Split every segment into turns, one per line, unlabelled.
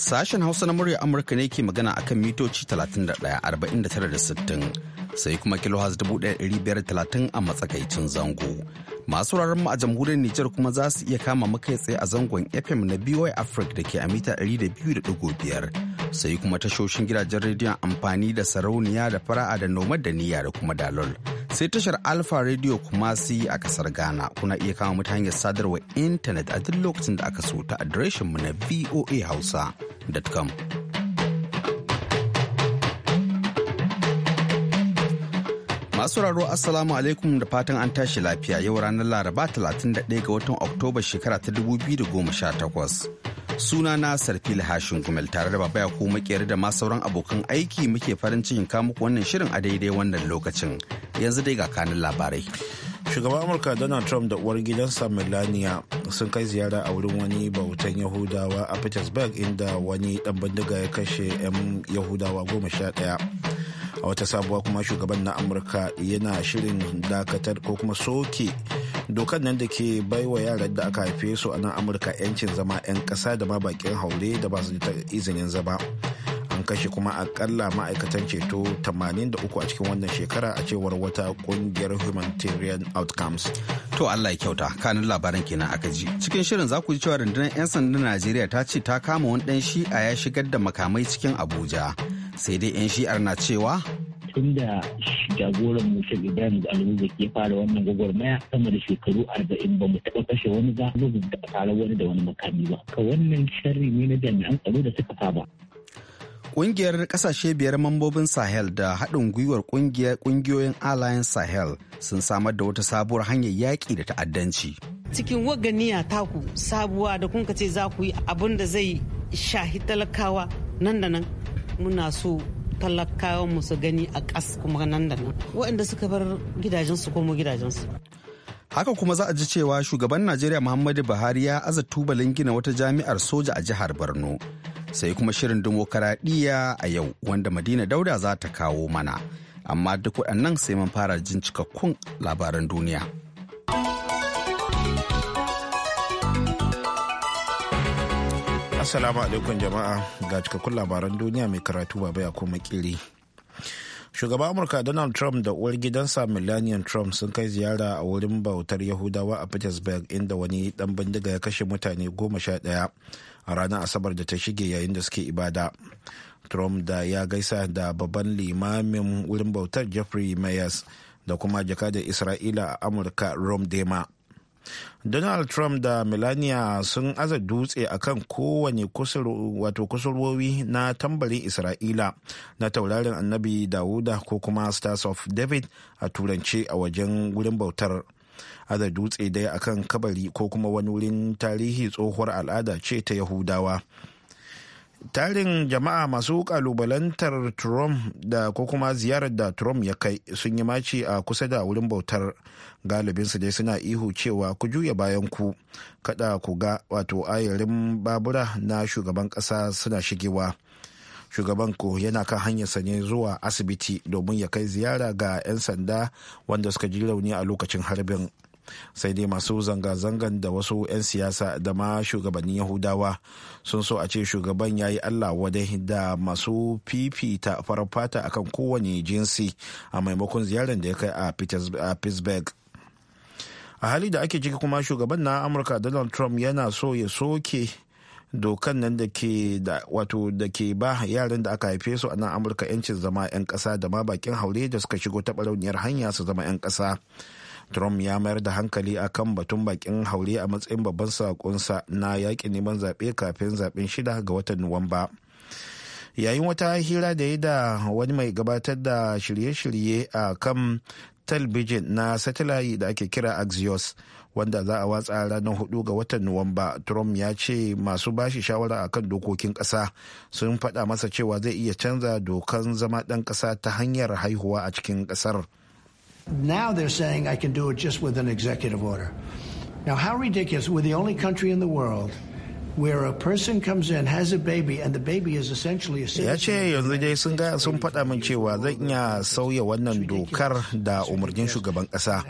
Sashen Hausa na murya Amurka ne ke magana akan mitoci 31,49,60 sai kuma kilohaz 1,530 a matsakaicin zango. Masu wuraren mu a jamhuriyar Nijar kuma za su iya kama makai tsaye a zangon FM na BY Africa da ke a mita 200.5 sai kuma tashoshin gidajen rediyon amfani da sarauniya da fara'a da nomad da niyya da kuma dalol sai tashar alfa rediyo kuma yi a kasar ghana kuna iya kama mu ta hanyar sadarwar intanet a duk lokacin da aka so ta mu na voa hausa.com Masu raro Assalamu alaikum da fatan an tashi lafiya yau ranar Laraba 31 ga watan Oktoba shekara ta 2018. Suna na Sarfil Hashin Gumel tare da babaya ko makiyar da ma sauran abokan aiki muke farin cikin muku wannan shirin a daidai wannan lokacin. Yanzu dai ga kanin labarai. Shugaban Amurka Donald Trump da uwar gidansa
Melania sun kai ziyara a wurin wani bautan Yahudawa a Petersburg inda wani dan bindiga ya kashe 'yan Yahudawa goma sha ɗaya. a wata sabuwa kuma shugaban na amurka yana shirin dakatar ko kuma soke dokar nan da ke baiwa yaran da aka haife su a nan amurka 'yancin zama 'yan kasa da ma bakin haure da ba su da izinin zama an kashe kuma akalla ma'aikatan ceto 83 a cikin wannan shekara
a cewar wata kungiyar humanitarian outcomes to allah ya kyauta kanin labaran kenan aka ji cikin shirin za ku ji cewa rundunar 'yan sandan najeriya ta ce ta kama wani dan shi'a ya shigar da makamai cikin abuja sai dai 'yan shi'ar na cewa
tun da jagoran mu shek alubu ke fara wannan gwagwarmaya sama da shekaru arba'in ba mu taɓa kashe wani ba mu da tare wani da wani makami ba ka wannan sharri ne na jami'an tsaro da suka saba
Ƙungiyar ƙasashe biyar mambobin Sahel da haɗin gwiwar ƙungiyoyin Alliance Sahel sun samar da wata sabuwar hanyar yaƙi da ta'addanci.
Cikin waganiya taku sabuwa da kun ce za ku yi abin da zai shahi talakawa nan da nan muna so talakawan musu gani a ƙas kuma nan da nan waɗanda suka bar gidajensu komo gidajensu
haka kuma za a ji cewa shugaban najeriya muhammadu buhari ya aza tubalin gina wata jami'ar soja a jihar borno sai kuma shirin dimokuraɗiyya a yau wanda madina dauda za ta kawo mana amma duk waɗannan sai mun fara jin cikakkun labaran duniya. Assalamu alaikum jama'a ga
cikakkun labaran duniya mai karatu baba ya kuma kiri. Shugaban Amurka Donald Trump da uwar gidansa Melania Trump sun kai ziyara a wurin bautar Yahudawa a Pittsburgh inda wani dan bindiga ya kashe mutane goma sha ɗaya a ranar Asabar da ta shige yayin da suke ibada. Trump da ya gaisa da babban limamin wurin bautar Jeffrey Mayers da kuma jakadar Isra'ila a Amurka Rom Dema. donald trump da melania sun aza dutse kan kowane kusurwowi na tambarin isra'ila na taurarin annabi dawuda ko kuma stars of david a turance a wajen wurin bautar aza dutse dai akan kabari ko kuma wani wurin tarihi tsohuwar al'ada ce ta yahudawa tarin jama'a masu kalubalantar trump da ko kuma ziyarar da trump ya kai sun yi maci a kusa da wurin bautar galibinsu dai suna ihu cewa ku juya bayan ku kada ku ga wato ayarin babura na shugaban kasa suna shigewa shugaban ko yana kan hanyarsa ne zuwa asibiti domin ya kai ziyara ga 'yan sanda wanda suka ji rauni a lokacin harbin. sai dai masu zanga-zangan da wasu 'yan siyasa da ma shugabannin yahudawa sun so a ce shugaban ya yi allah wadai da masu fifita farar fata akan kowane jinsi a maimakon ziyarar da ya kai a pittsburgh a hali da ake ciki kuma shugaban na amurka donald trump yana so ya soke dokan nan da ke da wato da ke ba yaran da aka haife su a nan amurka yancin zama 'yan kasa da ma bakin haure da suka shigo ta barauniyar hanya su zama 'yan kasa Trump ya mayar da hankali a kan batun bakin haure a matsayin babban sakonsa na yakin neman zaɓe kafin zaɓen shida ga watan Nuwamba. Yayin wata hira da ya da wani mai gabatar da shirye-shirye a kan talbijin na satellite da ake kira Axios wanda za a watsa ranar hudu ga watan Nuwamba, Trump ya ce masu bashi shawara a kan dokokin ƙasa sun faɗa masa cewa zai iya canza dokan zama ɗan ƙasa ta hanyar haihuwa a cikin ƙasar.
Now they're saying I can do it just with an executive order. Now, how ridiculous. We're the only country in the world where a person comes in has a baby and the baby is essentially a ya
ce yanzu dai sun ga sun faɗa min cewa zan iya sauya wannan dokar da umarnin shugaban ƙasa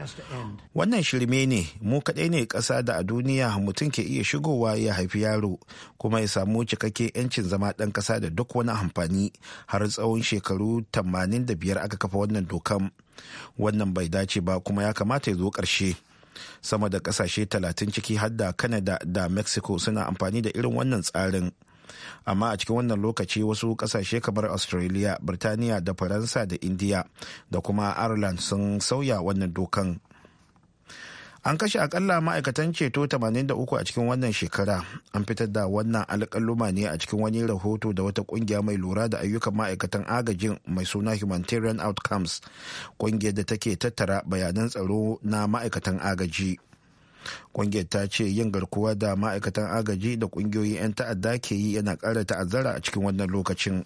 wannan shirme ne mu kaɗai ne ƙasa da a duniya mutum ke iya shigowa ya haifi yaro kuma ya samu cikakke yancin zama ɗan ƙasa da duk wani amfani har tsawon shekaru 85 aka kafa wannan dokan wannan bai dace ba kuma ya kamata ya zo ƙarshe sama da ƙasashe talatin ciki har da canada da mexico suna amfani da irin wannan tsarin amma a cikin wannan lokaci wasu ƙasashe kamar australia birtaniya da faransa da indiya da kuma ireland sun sauya wannan dokan an kashe akalla ma'aikatan ceto 83 a cikin wannan shekara an fitar da wannan alƙaluma ne a cikin wani rahoto da wata ƙungiya mai lura da ayyukan ma'aikatan agajin mai suna humanitarian outcomes ƙungiyar da take tattara bayanan tsaro na ma'aikatan agaji ƙungiyar ta ce yin garkuwa da ma'aikatan agaji da ƙungiyoyin 'yan ta'adda ke yi yana ƙara ta'azzara a cikin wannan lokacin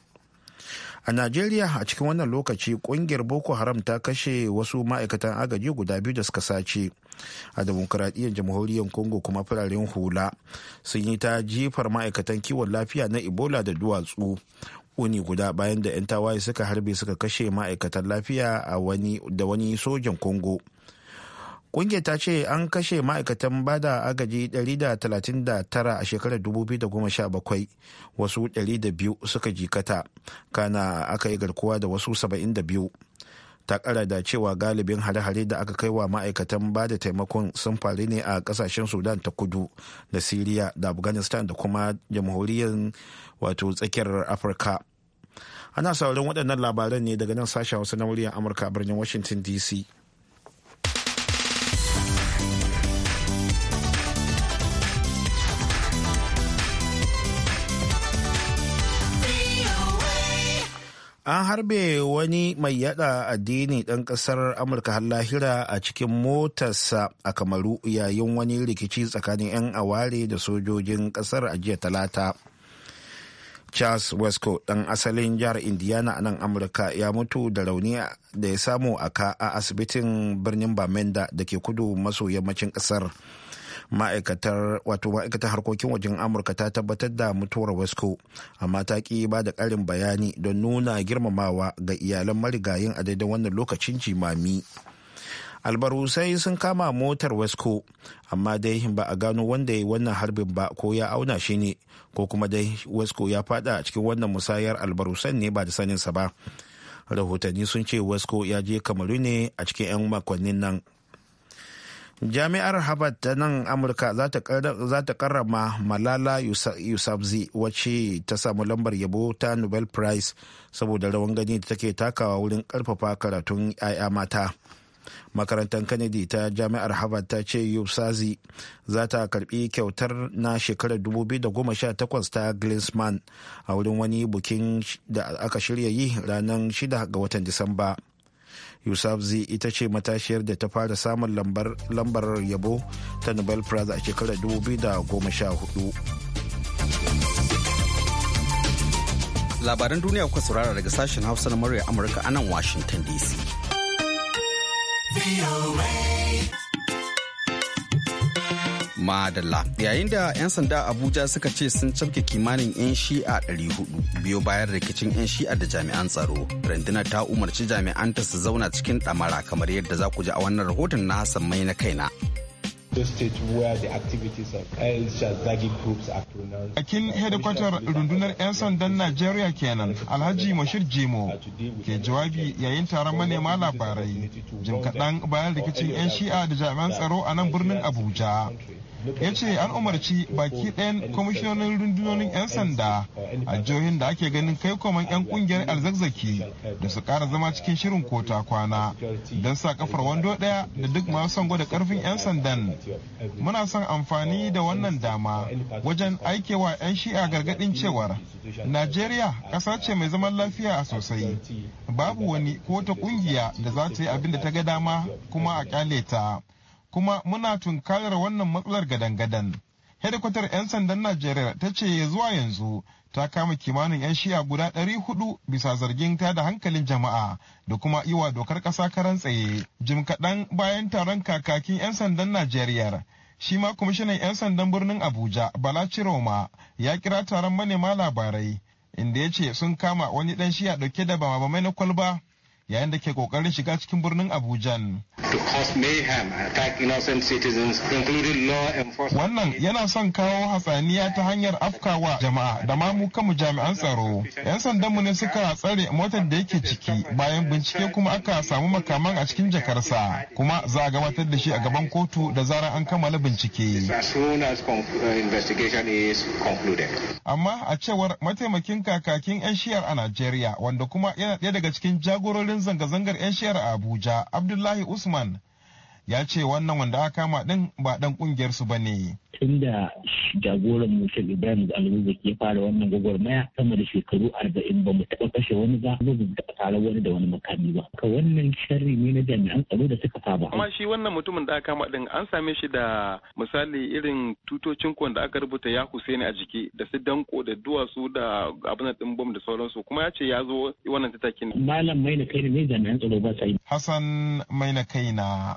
a najeriya a cikin wannan lokaci kungiyar boko haram ta kashe wasu ma'aikatan agaji guda biyu da suka sace a demokuraɗiyyar jamhuriyar congo kuma fararen hula sun yi ta jifar ma'aikatan kiwon lafiya na ebola da duwatsu uni guda bayan da 'yan tawaye suka harbe suka kashe ma'aikatan lafiya da wani sojan congo Ƙungiyar ta ce an kashe ma'aikatan bada agaji 139 a shekarar 2017 wasu 200 suka jikata kana aka yi garkuwa da wasu 72. ta kara da cewa galibin hare-hare da aka kai wa ma'aikatan bada taimakon sun faru ne a kasashen sudan ta kudu da syria da afghanistan da kuma jamhuriyar wato tsakiyar afirka ana sauran waɗannan labaran ne daga nan sashen wasu na muryar amurka birnin washington dc an harbe wani mai yada addini ɗan ƙasar amurka har lahira a cikin motarsa a kamaru yayin wani rikici tsakanin 'yan aware da sojojin ƙasar a jiya talata charles wesco ɗan asalin jihar indiana a nan amurka ya mutu da rauni da ya samu a a asibitin birnin bamenda da ke kudu maso yammacin ƙasar ma'aikatar wato ma'aikatar harkokin wajen amurka ta tabbatar da mutuwar wasco amma ta ki ba da karin bayani don nuna girmamawa ga iyalan marigayin a daidai wannan lokacin jimami albarusai sun kama motar wasco amma dai ba a gano wanda ya wannan harbin ba ko ya auna shi ne ko kuma dai wasco ya fada a cikin wannan musayar albarusan ne ba da saninsa ba rahotanni sun ce wasco ya je kamaru ne a cikin 'yan makonnin nan jami'ar harvard ta nan amurka za ta karrama malala yousafzai wacce ta samu lambar yabo ta nobel prize saboda rawan gani da take takawa wurin karfafa karatun 'ya'ya mata makarantar kennedy ta jami'ar harvard ta ce yousafzai za ta karbi kyautar na shekarar 2018 ta glinsman a wurin wani bukin da aka shirya yi ranar 6 ga watan disamba yusuf Yusafzai ita ce matashiyar da ta fara samun lambar yabo ta Nobel Prize a shekarar
2014. Labaran duniya kuka saurara daga sashen Hausa na murya Amurka a nan Washington DC. madalla yayin da 'yan sanda abuja suka ce sun cafke kimanin 'yan shi'a 400 biyo bayan rikicin 'yan shi'a da jami'an tsaro rundunar ta umarci jami'an ta su zauna cikin ɗamara kamar yadda za ku ji a wannan rahoton na hassan mai na kaina
Akin hedikwatar rundunar 'yan sandan Najeriya kenan Alhaji Mashir Jimo ke jawabi yayin taron manema labarai jim kaɗan bayan rikicin 'yan shi'a da jami'an tsaro a nan birnin Abuja ya ce an umarci baki ɗayan kwamishinonin rundunonin 'yan sanda a jihohin da ake ganin kai koman 'yan kungiyar alzazzaki da su ƙara zama cikin shirin kota kwana don sa kafar wando ɗaya da duk masu son gwada ƙarfin 'yan sandan muna son amfani da wannan dama wajen aikewa 'yan shi'a gargaɗin cewar najeriya ƙasa ce mai zaman lafiya a sosai babu wani ko ta ƙungiya da za ta yi abin da ta ga dama kuma a ƙyale ta kuma muna tunkarar wannan matsalar gadan-gadan. Hedikwatar 'yan sandan Najeriya ta ce zuwa yanzu ta kama kimanin 'yan shiya guda ɗari 400 bisa zargin ta da hankalin jama'a da kuma iwa dokar ƙasa karan tsaye. Jim kaɗan bayan taron kakakin 'yan sandan Najeriya. Shi ma kwamishinan 'yan sandan birnin Abuja Bala Ciroma ya kira taron manema labarai inda ya ce sun kama wani ɗan shiya ɗauke da bama na kwalba yayin da ke kokarin shiga cikin birnin Abujan. Wannan yana son kawo hatsaniya ta hanyar afkawa jama'a da ma mu kanmu jami'an tsaro. 'Yan sandanmu ne suka tsare motar da yake ciki bayan bincike kuma aka samu makaman a cikin jakarsa kuma za a gabatar da shi a gaban kotu da zarar an kammala bincike. Uh, Amma a cewar mataimakin kakakin 'yan shiyar a Najeriya wanda kuma yana ɗaya daga cikin jagororin jagoran zanga-zangar 'yan a Abuja Abdullahi Usman ya ce wannan wanda aka kama din ba dan kungiyar su bane
tun da jagoran shi ibrahim da ke ya fara wannan gwagwarmaya sama da shekaru arba'in ba mu taɓa kashe wani ba ba mu tare wani da wani makami ba ka wannan sharri ne na jami'an tsaro da suka saba amma
shi wannan mutumin da aka kama din an same shi da misali irin tutocin kon da aka rubuta ya husaini a jiki da su danko da duwatsu da abin da bom da sauransu kuma ya ce ya zo wannan tattakin malam mai na kai ne jami'an tsaro ba sai hassan maina na kai na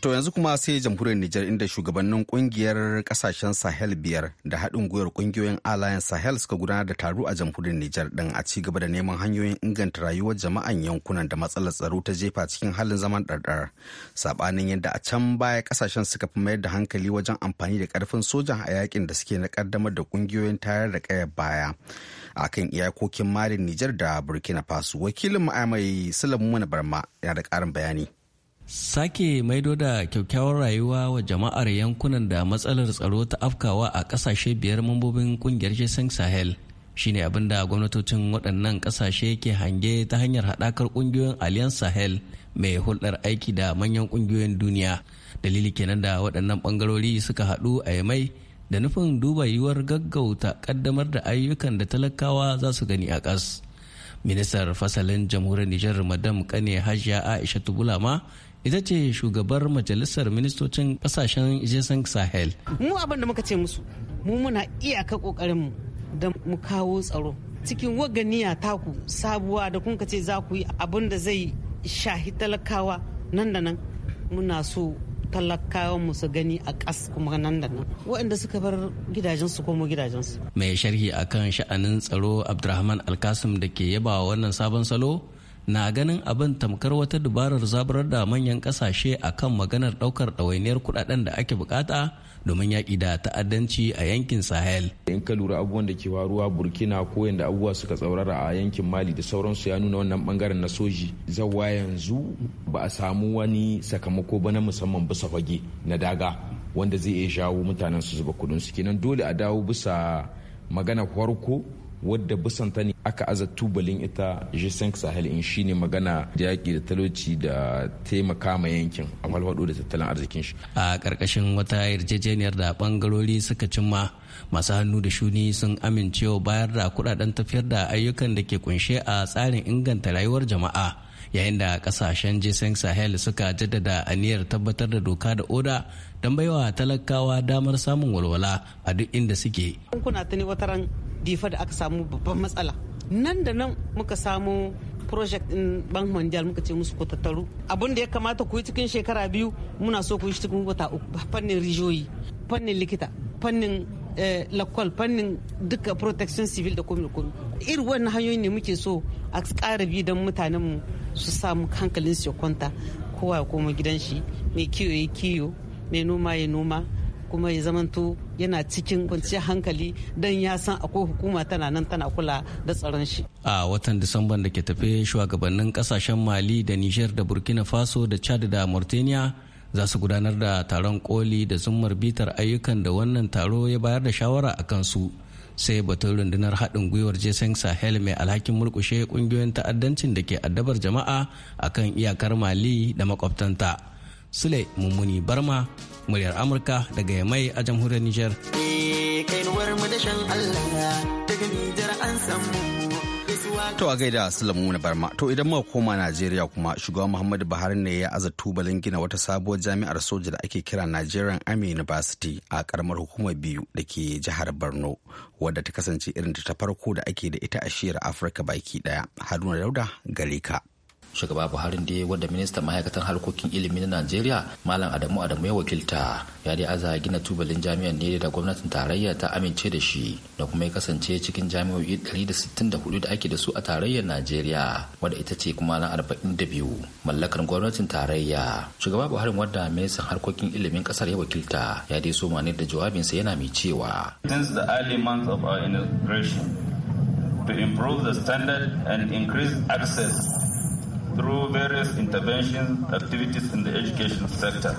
To yanzu kuma sai jamhuriyar Nijar inda shugabannin kungiyar kasashen Sahel biyar da haɗin gwiwar kungiyoyin Alliance Sahel suka gudanar da taro a jamhuriyar Nijar ɗin a ci gaba da neman hanyoyin inganta rayuwar jama'an yankunan da matsalar tsaro ta jefa cikin halin zaman ɗarɗar. Saɓanin yadda a can baya kasashen suka fi mayar da hankali wajen amfani da karfin sojan a yakin da suke na kaddamar da kungiyoyin tayar da kaya baya. A kan iyakokin Malin Nijar da Burkina Faso wakilin ma'amai Sulaiman Barma yana da karin bayani.
Sake maido da kyakkyawar rayuwa wa jama'ar yankunan da matsalar tsaro ta afkawa a ƙasashe biyar mambobin ƙungiyar Jason Sahel shine abin da gwamnatocin waɗannan ƙasashe ke hange ta hanyar haɗakar ƙungiyoyin Alliance Sahel mai hulɗar aiki da manyan ƙungiyoyin duniya. Dalili kenan da waɗannan ɓangarori suka haɗu a yamai da nufin duba yiwuwar gaggauta ƙaddamar da ayyukan da talakawa za su gani a ƙas. Ministar fasalin jamhuriyar Nijar Madam Kane Hajiya Aisha Tubulama ita ce shugabar majalisar ministocin kasashen jason sahel
mu abin da muka ce musu mu muna iyaka kokarin mu da mu kawo tsaro cikin waganiya taku sabuwa da kun ce za ku yi abin da zai shahi talakawa nan da nan muna so talakawan mu su gani a ƙas kuma nan da nan waɗanda suka bar gidajensu komo gidajensu
mai sharhi akan sha'anin tsaro abdulrahman alkasim da ke yaba wannan sabon salo na ganin abin tamkar wata dubarar zaburar da manyan kasashe a kan maganar daukar ɗawainiyar kudaden da ake bukata domin yaƙi da ta'addanci a yankin sahel in ka lura abubuwan da ke faruwa burkina ko yadda abubuwa suka tsaurara a yankin mali da sauransu ya nuna wannan bangaren
na soji zawa yanzu ba a samu wani sakamako ba na musamman bisa fage na daga wanda zai iya shawo mutanen su zuba kudin su kenan dole a dawo bisa magana farko wadda bisan ta ne aka aza tubalin ita g5 sahel in shine magana da yaƙi da talauci da taimaka ma yankin a falfado da tattalin arzikin shi
a ƙarƙashin wata yarjejeniyar da ɓangarori suka cimma masu hannu da shuni sun amincewa bayar da kuɗaɗen tafiyar da ayyukan da ke kunshe a tsarin inganta rayuwar jama'a yayin da kasashen jason sahel suka jaddada aniyar tabbatar da doka da oda don baiwa talakawa damar samun walwala a duk inda suke
kuna tuni wataran difa da aka samu babban matsala nan da nan muka samu project din bank mondial muka ce musu ku tattaru abin da ya kamata ku yi cikin shekara biyu muna so ku yi cikin wata uku fannin rijiyoyi fannin likita fannin eh, lakwal fannin duka protection civil da komi komi irin wannan hanyoyi ne muke so a ƙara bi don mutanenmu su samu hankalin su ya kwanta kowa ya koma gidan shi mai kiyo ya kiyo mai noma ya noma kuma ya zamanto yana cikin kwanciyar hankali don ya san akwai hukuma tana nan tana kula da tsaron shi.
A watan Disamban da ke tafe shugabannin kasashen Mali da Nijar da Burkina Faso da Chad da Mauritania za su gudanar da taron koli da zummar bitar ayyukan da wannan taro ya bayar da shawara a kansu. su. sai batun rundunar haɗin gwiwar jason sahel mai alhakin mulkushe ƙungiyoyin ta'addancin da ke addabar jama'a a kan iyakar mali da makwabtanta sule mummuni barma muryar amurka daga yamai a jamhuriyar niger
eh, kai madashin
allah daga nijar an samu To
a gaida na Barma, to idan
muka koma Najeriya kuma shugaban Muhammadu Buhari ne ya aza tubalin gina wata sabuwar jami'ar soja da ake kira Nigerian Army University a karamar hukumar biyu da ke jihar Borno, wadda ta kasance irin ta farko da ake da ita a shiyar Afirka baki daya. Haruna Dauda gare ka.
shugaba buhari da wadda ministan ma'aikatan harkokin ilimi na najeriya malam adamu adamu ya wakilta ya dai aza gina tubalin jami'ar ne da gwamnatin tarayya ta amince da shi da kuma ya kasance cikin jami'o'i 164 da ake da su a tarayyar najeriya wadda ita ce kuma na 42 mallakar gwamnatin tarayya shugaba buhari wadda ministan harkokin ilimin kasar ya wakilta ya dai so ne da jawabinsa yana mai cewa
since the early months of our immigration, to improve the standard and increase access through various intervention activities in the education sector.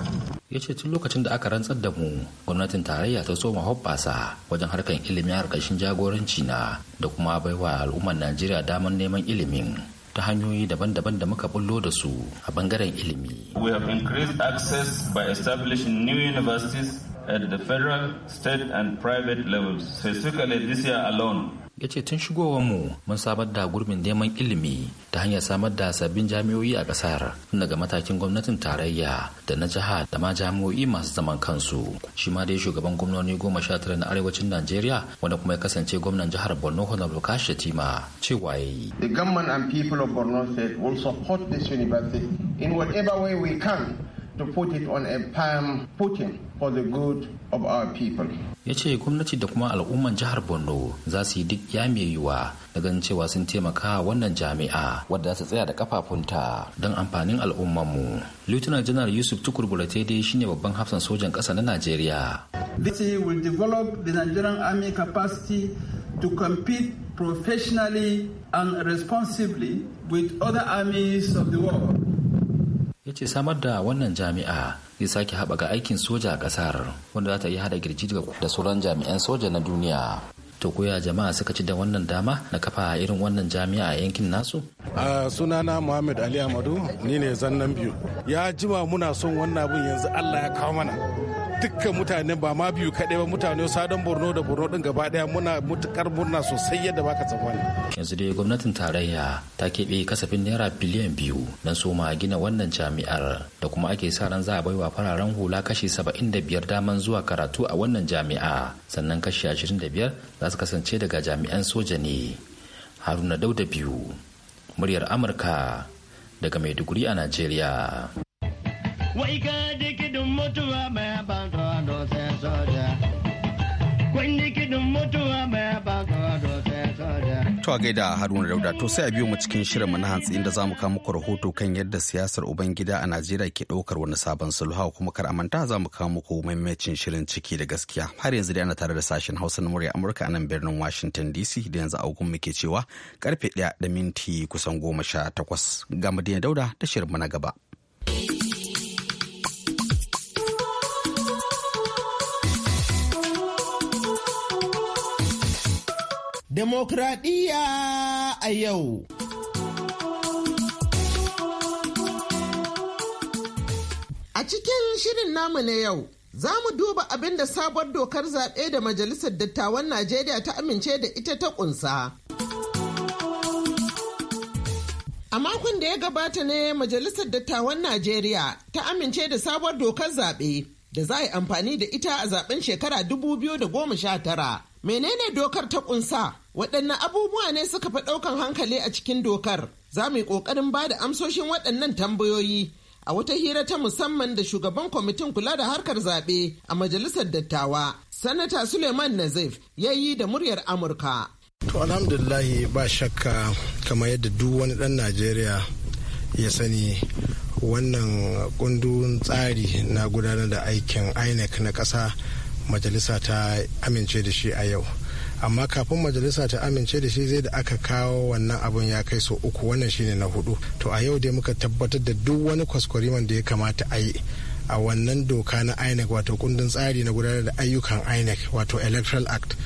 ya ce tun lokacin da aka rantsar da mu gwamnatin tarayya ta soma hoppasa wajen harkar ilimin harkashin jagoranci na da kuma baiwa al'ummar najeriya damar neman ilimin ta hanyoyi daban-daban da muka bullo da su a bangaren ilimi.
We have increased access by establishing new universities at the federal, state and private levels. Specifically this year alone,
ya ce tun shigowar mu mun samar da gurbin neman ilimi ta hanyar samar da sabbin jami'o'i a kasar daga matakin gwamnatin tarayya da na jiha da ma jami'o'i masu zaman kansu shi ma dai shugaban gwamnoni goma sha tara na arewacin najeriya wanda kuma ya kasance gwamnan jihar borno honorable kashi tima cewa yayi
the government and people of borno state will support this university in whatever way we can to put it on a palm footing for the good of our people.
Ya ce gwamnati da kuma al'umman jihar Borno za su yi duk ya mai yiwa da ganin cewa sun taimaka wannan jami'a wadda za su tsaya da kafafunta don amfanin al'ummanmu. Lieutenant General Yusuf Tukur shi shine babban hafsan sojan ƙasa na Najeriya.
This will develop the Nigerian army capacity to compete professionally and responsibly with other
armies of the world. ya ce samar da wannan jami'a zai sake haɓaka aikin soja a ƙasar wanda za ta yi hada girji da sauran jami'an soja na duniya to koya jama'a suka ci da wannan dama na kafa irin wannan jami'a a yankin nasu a sunana
muhammad ali amadu ni ne zannan biyu ya jima muna son wannan abin yanzu allah ya kawo mana dukkan mutane ba ma biyu kaɗai ba mutane sadon borno da borno din gaba daya muna mutukar murna sosai yadda baka tsammani
yanzu dai gwamnatin tarayya ta keɓe kasafin naira biliyan biyu don soma gina wannan jami'ar da kuma ake sa ran za a baiwa fararen hula kashi saba'in da biyar daman zuwa karatu a wannan jami'a sannan kashi ashirin da biyar za su kasance daga jami'an soja ne haruna dauda biyu muryar amurka daga maiduguri a najeriya
wai ka dikidin mutuwa mai
To gaida Haruna Dauda to sai a biyo mu cikin shirinmu na hantsi inda zamu kawo muku rahoto kan yadda siyasar Ubangida a Najeriya ke ɗaukar wani sabon sulhu kuma karamanta amanta zamu kawo muku maimacin shirin ciki da gaskiya. Har yanzu dai ana tare da sashen Hausa na murya Amurka a nan birnin Washington DC da yanzu agun muke cewa karfe 1 da minti kusan 18 ga Madina Dauda da shirinmu na gaba.
Demokradiyya a yau. A cikin shirin namu na yau, za mu duba abin da sabon dokar zaɓe da Majalisar Dattawan Najeriya ta amince da ita ta ƙunsa. A makon da ya gabata ne Majalisar Dattawan Najeriya ta amince da sabuwar dokar zaɓe da za a yi amfani da ita a zaɓen shekara 2019 Menene dokar ta kunsa? Waɗannan abubuwa ne suka fi ɗaukan hankali a cikin dokar. Za mu yi ƙoƙarin ba da amsoshin waɗannan tambayoyi a wata hira ta musamman da shugaban kwamitin kula da harkar zaɓe a majalisar dattawa. Sanata Suleiman Nazif ya yi da muryar Amurka.
To alhamdulillahi ba shakka kamar yadda duk wani ɗan Najeriya ya sani wannan kundin tsari na gudanar da aikin INEC na ƙasa majalisa ta amince da shi a yau amma kafin majalisa ta amince da shi zai da aka kawo wannan abun ya kai so uku wannan shine na hudu to a yau dai muka tabbatar da duk wani kwaskwariman da ya kamata a yi a wannan doka na inec wato kundin tsari na gudanar da ayyukan inec wato electoral act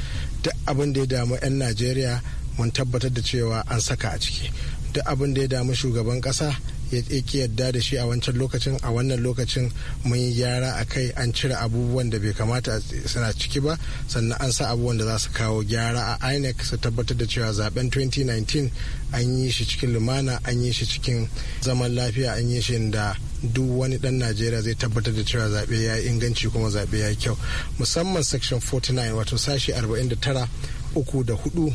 duk abin da ya damu 'yan najeriya mun tabbatar da cewa an saka a ciki duk abin da ya damu shugaban kasa ya ki yadda da shi a wancan lokacin a wannan lokacin mun yi gyara a kai an cire abubuwan da bai kamata suna ciki ba sannan an sa abubuwan da za su kawo gyara a inec su tabbatar da cewa zaben 2019 an yi shi cikin lumana an yi shi cikin zaman lafiya an yi shi da duk wani dan najeriya zai tabbatar da cewa zaɓe ya inganci kuma zaɓe ya kyau musamman section 49 wato sashi 49 uku da hudu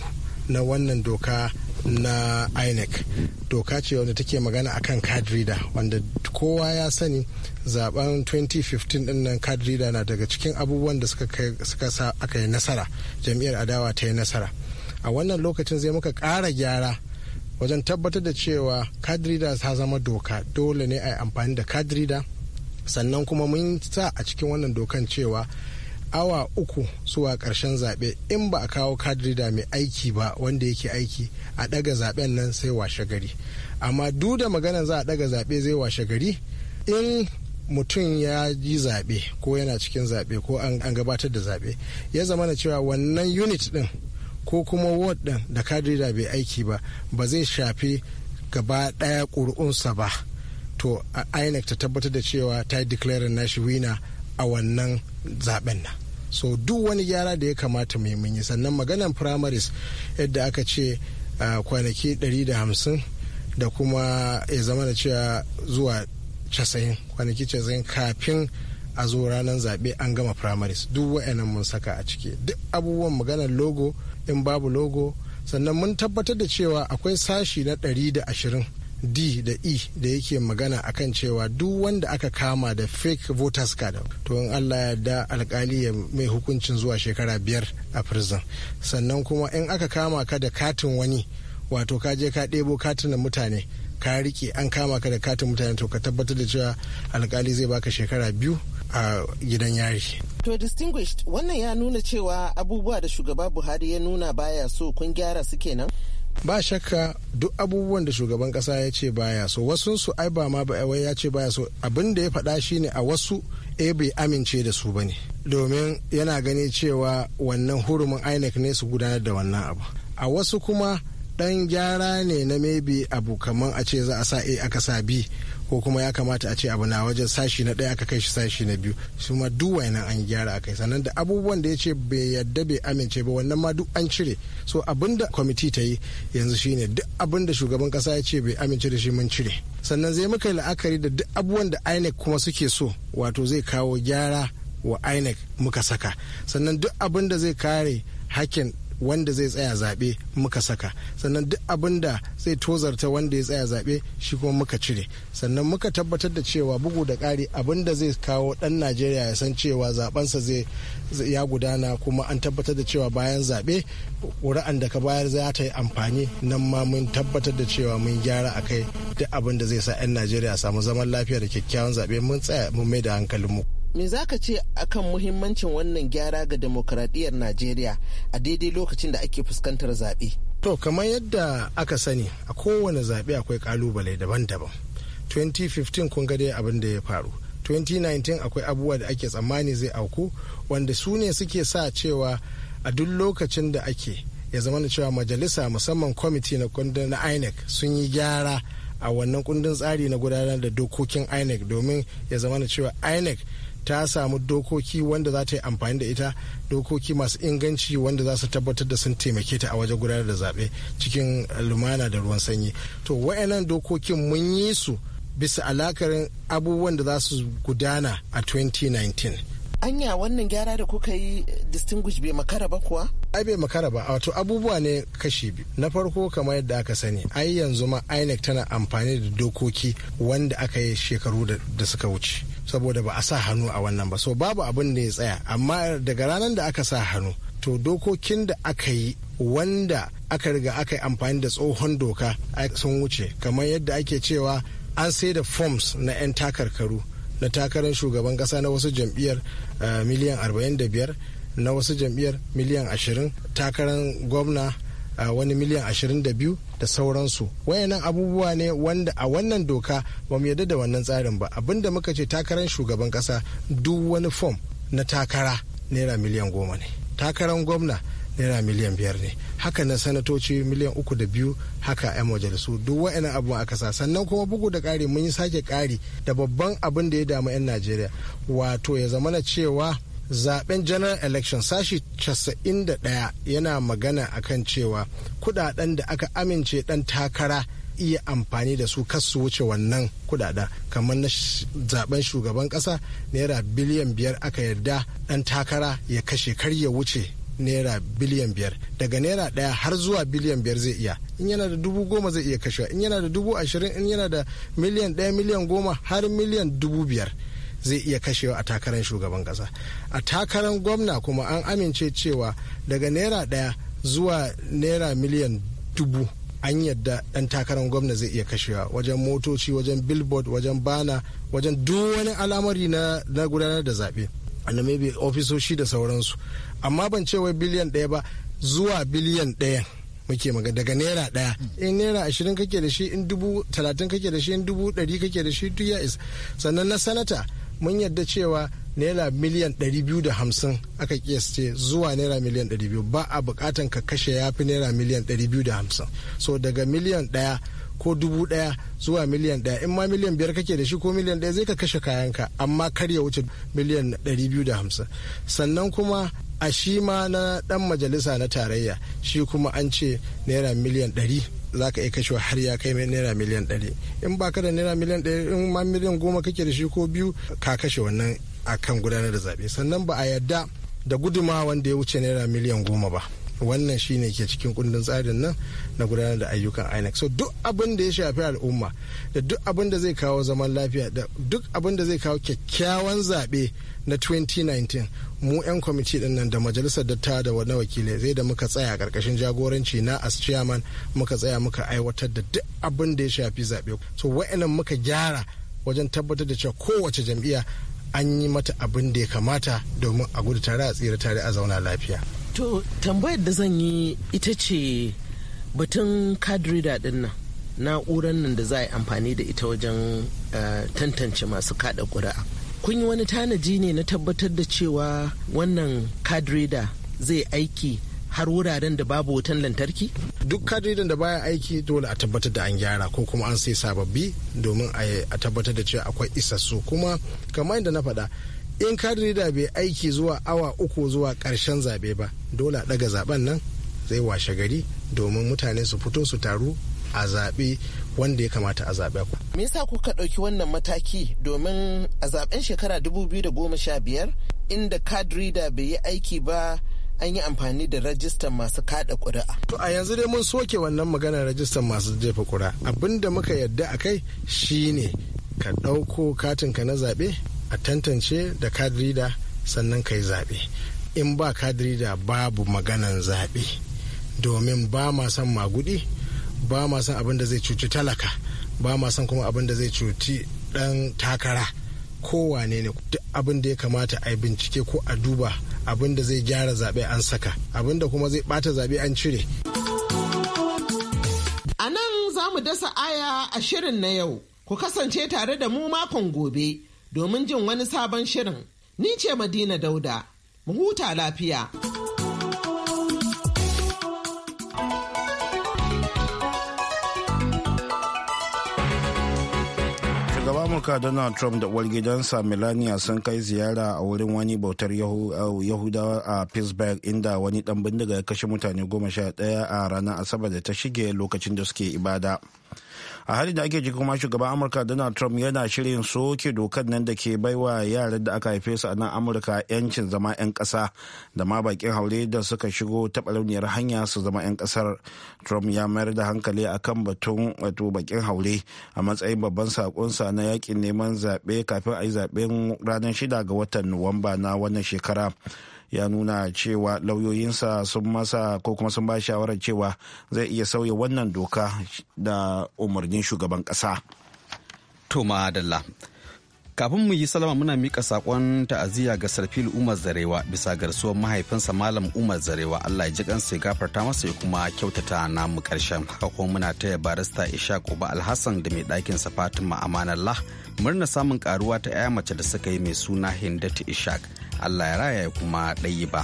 na wannan doka na inec doka ce wanda take magana akan card reader wanda kowa ya sani zaben 2015 din nan card reader na daga cikin abubuwan da suka sa aka yi nasara jam'iyyar adawa ta yi nasara a wannan lokacin zai muka ƙara gyara wajen tabbatar da cewa card reader ta zama doka dole ne a yi amfani da card reader sannan kuma mun sa a cikin wannan dokan cewa awa uku zuwa ƙarshen zaɓe in ba a kawo kadrida mai aiki ba wanda yake aiki a ɗaga zaɓen nan sai washe gari amma duk da maganan za a ɗaga zaɓe zai washe gari in mutum ya yi zaɓe ko yana cikin zaɓe ko an gabatar da zaɓe ya zama na cewa wannan unit ɗin ko kuma ward ɗin da kadrida bai aiki ba ba zai shafi gaba ɗaya ƙuri'unsa ba to inec ta tabbatar da cewa ta yi nashi wina a wannan zaben nan so duk wani gyara da ya kamata mai munyi sannan maganan primaries yadda aka ce kwanaki 150 da kuma ya zama da cewa zuwa 90 kwanaki 90 kafin a zo ranar zaɓe an gama primaries duk wa'annan mun saka a ciki duk abubuwan maganar logo in babu logo sannan mun tabbatar da cewa akwai sashi na 120 d da e da yake magana akan cewa duk wanda aka kama da fake voters card to in allah ya da alkali ya mai hukuncin zuwa shekara biyar a prison sannan kuma in aka kama ka da katin wani wato ka je ka ɗebo katin mutane ka rike an kama ka da katin mutane to ka tabbatar da cewa alkali zai baka shekara biyu a gidan yari.
To distinguished wannan ya nuna cewa abubuwa da shugaba Buhari ya nuna baya so kun gyara su kenan?
ba shakka duk abubuwan da shugaban kasa ya ce baya so wasu su ai ba ma ba ya ce baya so abin da ya faɗa shine a wasu e bai amince da su ba ne. domin yana gani cewa wannan hurumin inec ne su gudanar da wannan abu a wasu kuma dan gyara ne na maybe abu kamar a ce za a sa a aka sa b ko kuma ya kamata a ce abu na wajen sashi na ɗaya aka kai shi sashi na biyu su ma duk wayannan an gyara a kai sannan da abubuwan da ya ce bai yadda bai amince ba wannan ma duk an cire so abin da kwamiti ta yi yanzu shine duk abin da shugaban kasa ya ce bai amince da shi mun cire sannan zai muka yi la'akari da duk abubuwan da inec kuma suke so wato zai kawo gyara wa inec muka saka sannan duk abin da zai kare hakkin wanda zai tsaya zaɓe muka saka sannan duk abin da zai tozarta wanda ya tsaya zaɓe shi kuma muka cire sannan muka tabbatar da cewa bugu da ƙari abin da zai kawo ɗan najeriya ya san cewa zaɓensa zai ya gudana kuma an tabbatar da cewa bayan zaɓe ƙuri'an da ka bayar za ta yi amfani nan ma mun tabbatar da cewa mun gyara a kai duk abin da zai sa 'yan najeriya samu zaman lafiya da kyakkyawan zaɓe mun tsaya mun mai da hankalin mu
me za ka ce akan muhimmancin wannan gyara ga demokradiyyar najeriya a daidai lokacin da ake fuskantar zaɓe
to kamar yadda aka sani a kowane zaɓe akwai kalubale daban-daban 2015 kun ga dai abin da ya faru 2019 akwai abubuwa da ake tsammani zai auku wanda su ne suke sa cewa a duk lokacin da ake ya zama da cewa majalisa musamman kwamiti na kundin na inec sun yi gyara a wannan kundin tsari na gudanar da dokokin inec domin ya zama da cewa inec ta samu dokoki wanda za ta yi amfani da ita dokoki masu inganci wanda za su tabbatar da sun taimake ta a wajen gudanar da zaɓe cikin lumana da ruwan sanyi to wayannan dokokin mun yi su bisa alakarin abubuwan da za su gudana a 2019
anya wannan gyara da kuka yi distinguish bai makara ba kuwa
ai bai makara ba wato abubuwa ne kashi biyu na farko kamar yadda aka sani ai yanzu ma inec tana amfani da dokoki wanda aka yi shekaru da suka wuce saboda ba a sa hannu a wannan ba so babu abin da ya tsaya amma daga ranar da aka sa hannu to dokokin da aka yi wanda aka riga aka yi amfani da tsohon doka sun wuce kamar yadda ake cewa an sai da forms na 'yan takarkaru na takarar shugaban kasa eh, na wasu jam'iyyar miliyan 45 na wasu jam'iyyar miliyan 20 takarar gwamna eh, wani miliyan 22 da sauransu wayannan abubuwa ne wanda a wannan doka ba mu yarda da wannan tsarin ba abinda muka ce takarar shugaban kasa duk wani fom na takara naira miliyan goma ne takarar gwamna naira miliyan biyar ne haka na sanatoci miliyan uku da biyu haka 'yan majalisu duk wa'ina abu aka sa sannan kuma bugu da ƙari mun yi sake ƙari da babban abin da ya damu 'yan najeriya wato ya zamana cewa zaben general election sashi 91 yana magana akan cewa kudaden da aka amince dan takara iya amfani da su kasu wuce wannan kudada kamar na zaben shugaban kasa naira biliyan biyar aka yarda dan takara ya kashe karya wuce naira biliyan biyar daga naira daya har zuwa biliyan biyar zai iya in yana da dubu goma zai iya kashewa in yana da dubu ashirin in yana da miliyan daya miliyan goma har miliyan dubu biyar zai iya kashewa a takarar shugaban kasa a takarar gwamna kuma an amince cewa daga naira ɗaya zuwa naira miliyan dubu an yadda dan takarar gwamna zai iya kashewa wajen motoci wajen billboard wajen bana wajen duk wani alamari na, na gudanar da zaɓe na maybe ofisoshi da sauransu amma ban ce wai biliyan ɗaya ba zuwa biliyan ɗaya muke maga daga naira ɗaya in naira ashirin kake da shi in dubu talatin kake da shi in dubu ɗari kake da shi duk ya sannan na sanata mun yadda cewa naira miliyan 250 aka kiyasce zuwa naira miliyan 200 ba a bukatan ka kashe ya fi naira miliyan 250 so daga miliyan daya ko dubu daya zuwa miliyan daya in ma miliyan biyar kake da shi ko miliyan daya zai ka kashe kayanka amma kar ya wuce miliyan 250 sannan kuma a shi ma na dan majalisa na tarayya shi kuma an ce naira miliyan za ka iya kashewa har ya kai naira miliyan ɗari in ba ka da naira miliyan ɗari in ma miliyan goma kake da shi ko biyu ka kashe wannan akan gudanar da zaɓe sannan ba a yarda da guduma wanda ya wuce naira miliyan goma ba wannan shine ke cikin kundin tsarin nan na gudanar da ayyukan inec so duk abin da ya shafi al'umma da duk abin da zai kawo zaman lafiya da duk abin da zai kawo kyakkyawan zaɓe na 2019 mu 'yan kwamiti din nan da majalisar datta da wani wakilai zai da muka tsaya karkashin jagoranci na as chairman muka tsaya muka aiwatar da duk abin da ya shafi zaɓe so wa'annan muka gyara wajen tabbatar da cewa kowace jam'iyya an yi mata abin da ya kamata domin a gudu tare a tsira tare a zauna lafiya
to tambayar da zan yi ita ce batun kadrida din nan na'urar nan da za a yi amfani da ita wajen eh, tantance masu kada ƙuri'a kun yi wani tanaji ne na tabbatar da cewa wannan kadreda zai aiki har wuraren da babu
wutan lantarki? Duk kadiridan da baya aiki dole a tabbatar da an gyara ko kuma an sai sababbi domin a tabbatar da cewa akwai isassu kuma kamar yadda na faɗa in kadreda bai aiki zuwa awa uku zuwa ƙarshen zaɓe ba dole a ɗaga zaɓen nan zai washe gari domin mutane su fito su taru a zaɓe wanda ya kamata a zaɓe ku.
Me yasa kuka ɗauki wannan mataki domin a zaɓen shekara dubu biyu da goma sha biyar? inda kadri da bai yi aiki ba an yi amfani da rajistan masu kada ƙuri'a. To
a yanzu dai mun soke wannan maganar rajistan masu jefa ƙuri'a. Abin da muka yarda a kai shine ka ɗauko katinka na zaɓe a tantance da kadri da sannan ka yi zaɓe. In ba kadri da babu maganan zaɓe domin ba ma son magudi. ba ma son abin da zai cuci talaka ba ma son kuma abin da zai cuci dan takara kowane ne duk abin da ya kamata a bincike ko a duba abin da zai gyara zaɓe an saka abin da kuma zai ɓata zaɓe an cire
a nan za mu dasa aya a shirin na yau ku kasance tare da mu makon gobe domin jin wani sabon shirin ni ce madina dauda mu huta lafiya.
amurka donald trump da uwar gidansa melania sun kai ziyara a wurin wani bautar yahudawa a pittsburgh inda wani dan bindiga ya kashe mutane goma sha daya a ranar asabar da ta shige lokacin da suke ibada a hali da ake jikin shugaban amurka donald trump yana shirin soke dokar nan da ke baiwa yaran da aka haife su a nan amurka yancin zama 'yan ƙasa da ma bakin haure da suka shigo launiyar hanya su zama 'yan ƙasar trump ya mayar da hankali a kan batun wato bakin haure a matsayin babban sakonsa na yakin neman zaɓe kafin a yi zaɓen ranar shida ga watan nuwamba na wannan shekara ya nuna cewa lauyoyinsa sun masa ko kuma sun ba shawarar
cewa zai iya sauya wannan doka da umarnin shugaban kasa. To madalla. kafin mu yi salama muna mika sakon ta'aziyya ga sarfil umar zarewa bisa garsuwar mahaifinsa malam umar zarewa allah ya ji kansa ya gafarta masa ya kuma kyautata namu karshen haka kuma muna taya barista isha uba alhassan da mai ɗakin sa fatima amanallah murna samun karuwa ta 'ya mace da suka yi mai suna hindatu ishaq allah ya raya ya kuma ɗayi ba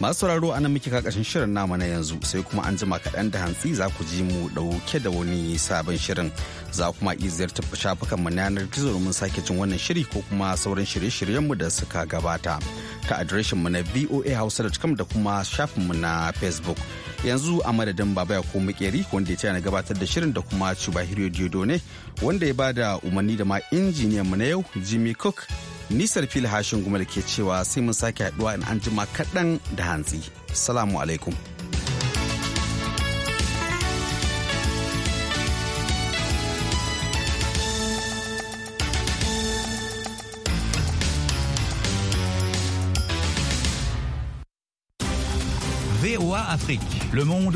masu sauraro anan muke kakashin shirin namu na yanzu sai kuma an jima kaɗan da hantsi za ku ji mu ɗauke da wani sabon shirin za kuma iya ziyartar shafukan mu na yanar gizo domin sake jin wannan shiri ko kuma sauran shirye shiryen mu da suka gabata ta adireshin mu na voa hausa.com da kuma shafin mu na facebook yanzu a madadin baba ya ko makeri wanda ya na gabatar da shirin da kuma hiryo diodo ne wanda ya bada umarni da ma injiniyan mu na yau jimmy cook Nisar fili hashin gumal ke cewa sai mun sake haɗuwa in an jima kaɗan da hantsi. Salamu alaikum.
Afrique. Le monde